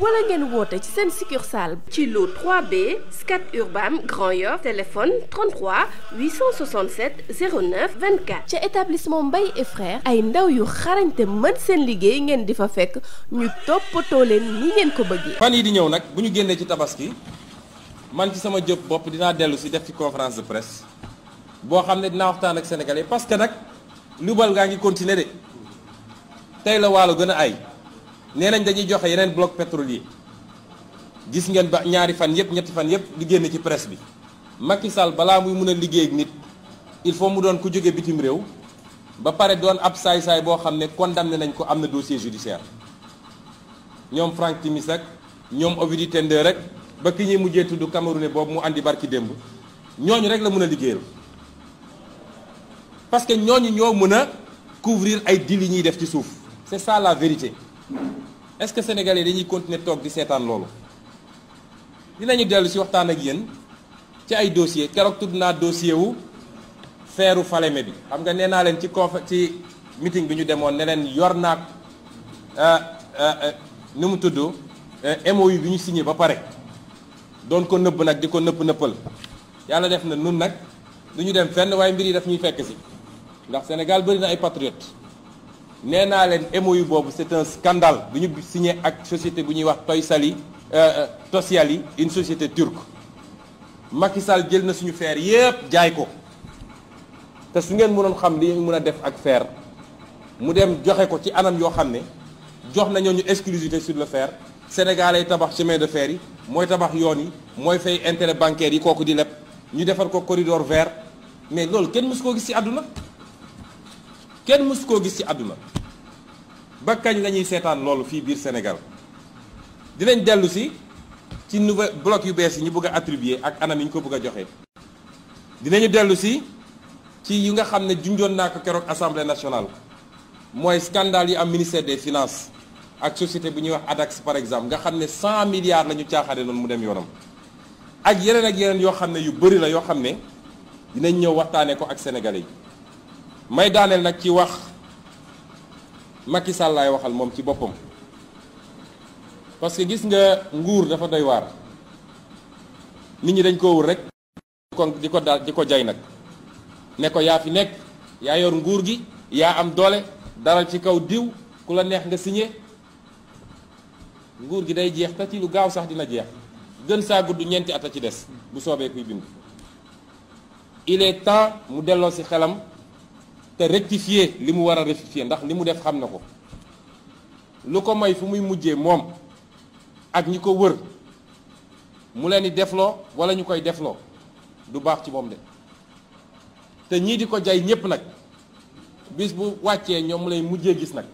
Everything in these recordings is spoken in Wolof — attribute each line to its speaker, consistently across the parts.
Speaker 1: wala ngeen woote ci seen succursale ci lu 3B Scat Urbam Grand Yoff téléphone 33 867 09 24 ca établissement Mbaye et frères ay ndaw yu xarañte mën seen liggéey ngeen di fa fekk ñu toppatoo leen ni ngeen ko bëggee
Speaker 2: fan yi di ñëw nag bu ñu génnee ci tabaski man ci sama jëpp bopp dinaa dellu si def ci conférence de presse boo xam ne dinaa waxtaan ak sénégalais parce que nag lu bal ngaa ngi continuer de tey la waalo gën a ay nee nañ dañuy joxe yeneen bloc pétrole yi gis ngeen ba ñaari fan yëpp ñetti fan yëpp di génn ci presse bi Macky Sall balaa muy mun a liggéey ak nit il faut mu doon ku jóge bitim réew ba pare doon ab saay-saay boo xam ne condamné nañ ko am na dossier judiciaire ñoom Franck Timis ak ñoom Ovidi Tende rek ba ki ñuy mujjee tudd Camerounais boobu mu andi barki démb ñooñu rek la mun a liggéeyal parce que ñooñu ñoo mën a couvrir ay dil yi ñuy def ci suuf c'est ça la vérité est-ce que sénégalais dañuy continuer toog di seetaan loolu dinañu dellu si waxtaan ak yéen ci ay dossier keroog tudd naa dossier wu feeru Falémé bi xam nga nee naa leen ci conf ci meeting bi ñu demoon ne leen yor naa euh, euh, euh, nu mu tudd MOU bi ñu signé ba pare doon ko nëbb nag di ko nëpp nëppal yàlla def na nun nag du ñu dem fenn waaye mbir yi daf ñuy fekk si ndax Sénégal bëri na ay patriotes nee naa leen MOU boobu c'est un scandale bu ñu signé ak société bu ñuy wax Toysali euh, euh, yi une société turque Macky Sall jël na suñu fer yépp jaay ko te su ngeen mënoon xam li mën a def ak fer mu dem joxe ko ci anam yoo xam ne jox nañoo ñu exclusivité sur le fer Sénégal ay tabax chemin de fer yi mooy tabax yoon yi mooy fay intérêt bancaire yi kooku di leb ñu defar ko corridor vert mais loolu kenn mësu koo gis ci àdduna kenn mësu koo gis ci àdduna ba kañ la ñuy seetaan loolu fii biir Sénégal dinañ dellu si ci nouveau bloc yu bees yi ñu bëgg a attribuer ak anam yi ñu ko bëgg a joxe. dinañu dellu si ci yi nga xam ne junjoon naa ko keroog assemblée nationale mooy scandale yi am ministère des finances ak société bu ñuy wax ADAX par exemple nga xam ne 100 milliards la ñu caaxaane noonu mu dem yoonam ak yeneen ak yeneen yoo xam ne yu bëri la yoo xam ne dinañ ñëw waxtaanee ko ak sénégalais yi. may daaneel nag ci wax Macky Sall laay waxal moom ci boppam parce que gis nga nguur dafa doy waar nit ñi dañ ko wër rek kon di ko daal di ko jay nag ne ko yaa fi nekk yaa yor nguur gi yaa am doole daral ci kaw diw ku la neex nga signé nguur gi day jeex te ci lu gaaw sax dina jeex gën saa gudd ñeenti at a ci des bu soobee kuy bind il temps mu delloo si xelam te rectifier li mu war a rectifier ndax li mu def xam na ko lu ko may fu muy mujjee moom ak ñi ko wër mu leen di defloo wala ñu koy defloo du baax ci moom de te ñii di ko jay ñépp nag bis bu wàccee ñoom lay mujjee gis nag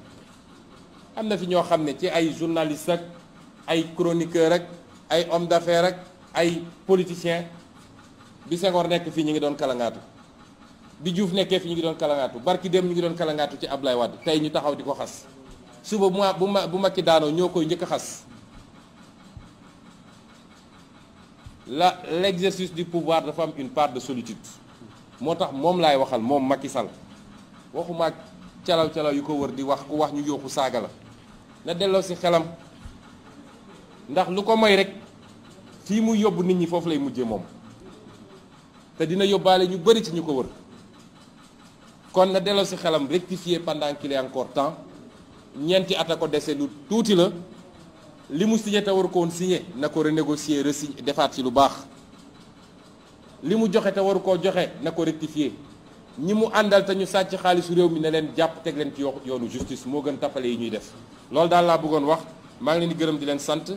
Speaker 2: am na fi ñoo xam ne ci ay journaliste ak ay chroniqueur rek ay homme d'affaires rek ay politicien bi Senghor nekk fii ñu ngi doon kalangaatu bi Diouf nekkee fi ñu ngi doon kalangaatu barki dem ñu ngi doon kalangaatu ci Ablaye Wade tey ñu taxaw di ko xas suba bu ma bu ma bu Macky daanoo ñoo koy njëkk a xas la l'exercice du pouvoir dafa am une part de solitude moo tax moom laay waxal moom Macky Sall waxuma calaw calaw yi ko wër di wax ku wax ñu yooxu saaga la na delloo si xelam ndax lu ko moy rek fii mu yóbbu nit ñi foofu lay mujjee moom te dina yóbbaale ñu bëri ci ñu ko wër kon na delloo si xelam rectifier pendant qu'il encore temps ñeenti at a ko dese lu tuuti la li mu signé te waru ko woon signé na ko renégocier resigné defaat ci lu baax li mu joxe te waru koo joxe na ko rectifier ñi mu àndal te ñu sàcc xaalisu réew mi ne leen jàpp teg leen ci yoonu justice moo gën tappale yi ñuy def loolu daal laa bëggoon wax maa ngi leen di gërëm di leen sant